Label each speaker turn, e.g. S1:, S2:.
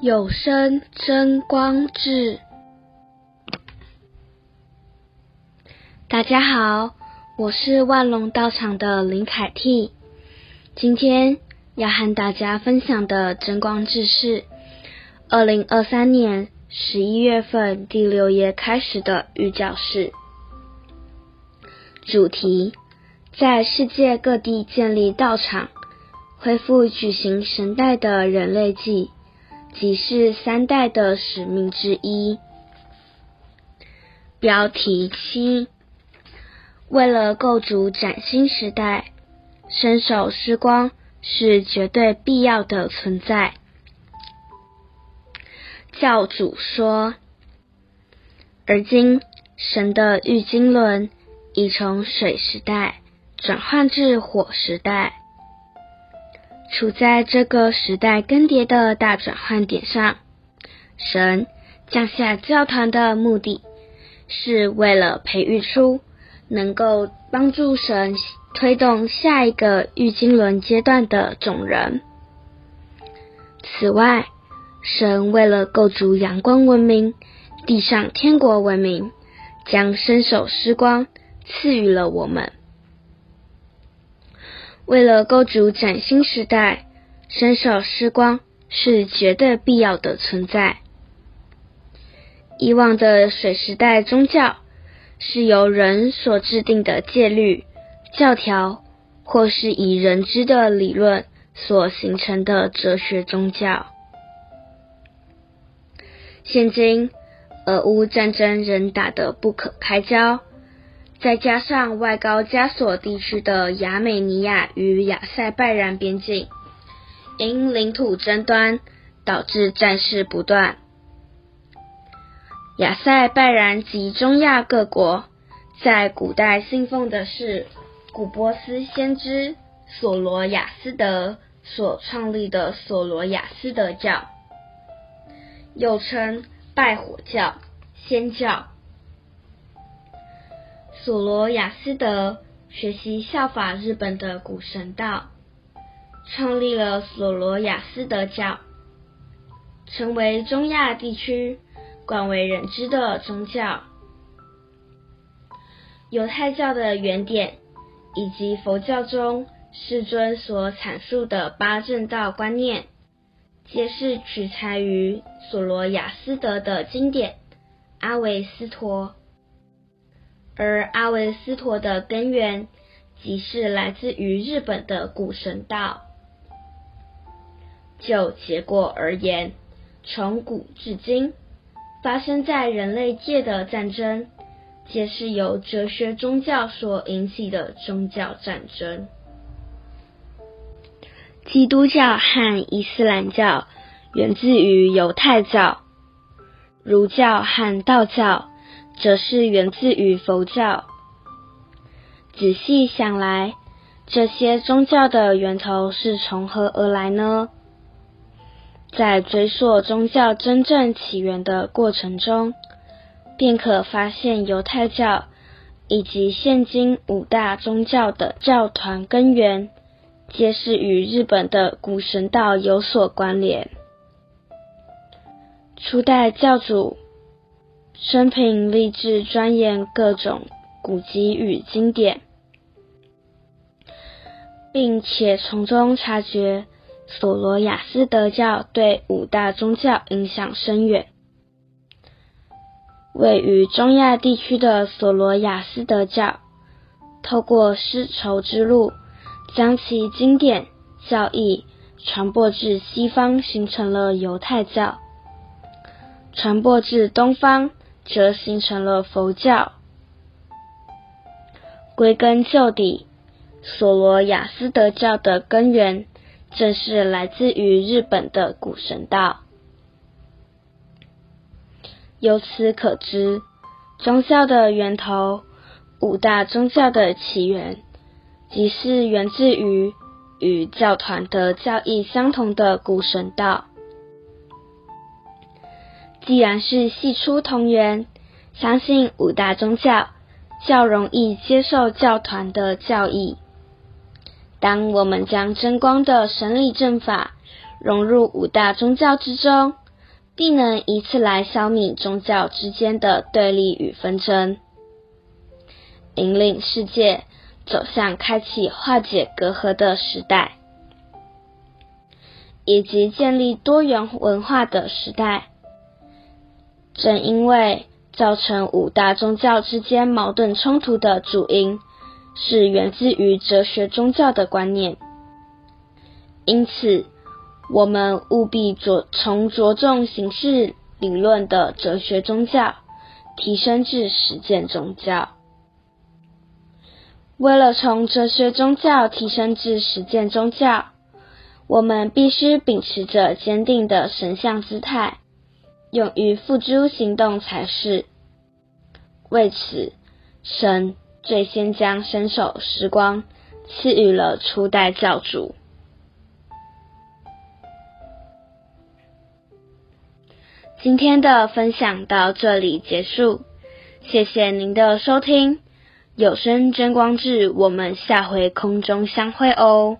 S1: 有聲真光誌，大家好，我是萬隆道場的林愷悌。今天要和大家分享的真光誌是二零二三年十一月份第六頁開始的御教示。主題，在世界各地建立道場，恢復舉行神代的人類祭。即是三代的使命之一。標題七，為了構築嶄新時代，伸手施光是絕對必要的存在。教主說：“而今神的御經綸已從水時代轉換至火時代。”處在這個時代更迭的大轉換點上，神降下教團的目的是為了培育出能夠幫助神推動下一個御經綸階段的種人。此外，神為了構築陽光文明、地上天國文明，將伸手施光賜予了我們。為了構築嶄新時代，伸手施光是絕對必要的存在。以往的水時代宗教是由人所制定的戒律、教條，或是以人知的理論所形成的哲學宗教。現今，俄烏戰爭仍打得不可開交。再加上外高加索地區的亞美尼亞與亞塞拜然邊境，因領土爭端導致戰事不斷。亞塞拜然及中亞各國在古代信奉的是古波斯先知索羅亞斯德所創立的索羅亞斯德教，又稱拜火教、祆教。索羅亞斯德學習效法日本的古神道，創立了索羅亞斯德教，成為中亞地區廣為人知的宗教。猶太教的原點以及佛教中世尊所闡述的八正道觀念，皆是取材於索羅亞斯德的經典《阿維斯陀》。而阿維斯陀的根源，即是來自於日本的古神道。就結果而言，從古至今，發生在人類界的戰爭，皆是由哲學宗教所引起的宗教戰爭。基督教和伊斯蘭教源自於猶太教，儒教和道教。則是源自於佛教。仔細想來，這些宗教的源頭是從何而來呢？在追溯宗教真正起源的過程中，便可發現猶太教以及現今五大宗教的教團根源，皆是與日本的古神道有所關聯。初代教主。生平立志鑽研各種古籍與經典，並且從中察覺，瑣羅亞斯德教對五大宗教影響深遠。位於中亞地區的瑣羅亞斯德教，透過絲綢之路，將其經典教義傳播至西方，形成了猶太教；傳播至東方。則形成了佛教。歸根究底，索羅亞斯德教的根源正是來自於日本的古神道。由此可知，宗教的源頭，五大宗教的起源，即是源自於與教團的教義相同的古神道。既然是系出同源，相信五大宗教較容易接受教團的教義。當我們將真光的神理正法融入五大宗教之中，必能以此來消弭宗教之間的對立與紛爭，引領世界走向開啟化解隔閡的時代，以及建立多元文化的時代。正因為造成五大宗教之間矛盾衝突的主因是源自於哲學宗教的觀念，因此我們務必着從着重形式理論的哲學宗教提升至實踐宗教。為了從哲學宗教提升至實踐宗教，我們必須秉持着堅定的神像姿態。勇於付諸行動才是。為此，神最先將伸手施光賜予了初代教主。今天的分享到這裡結束，謝謝您的收聽。有聲真光誌，我們下回空中相會哦。